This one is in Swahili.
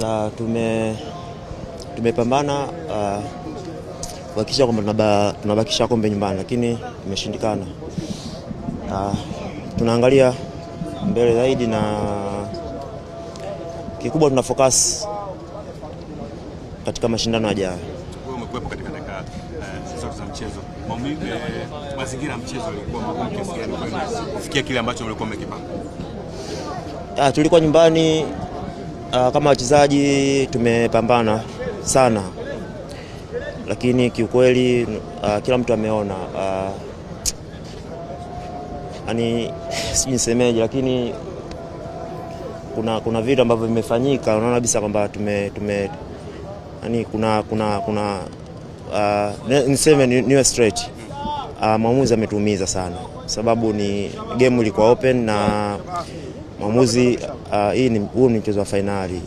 na tume tumepambana uh, kuhakikisha kwamba tunabakisha kombe nyumbani, lakini tumeshindikana. Uh, tunaangalia mbele zaidi na kikubwa tuna focus katika mashindano yajayo. Umekuwepo katika dakika eh, zote za mchezo, mazingira ya mchezo yalikuwa magumu kiasi gani kufikia kile ambacho ulikuwa mlikuwa mmekipanga? Ah, tulikuwa nyumbani Uh, kama wachezaji tumepambana sana, lakini kiukweli uh, kila mtu ameona uh, sijui nisemeje, lakini kuna, kuna vitu ambavyo vimefanyika, unaona kabisa kwamba tume, tume yani kuna, kuna, kuna uh, niseme niwe straight uh, mwamuzi ametuumiza sana, sababu ni game ilikuwa open na mwamuzi uh, hii ni, huu ni mchezo wa fainali.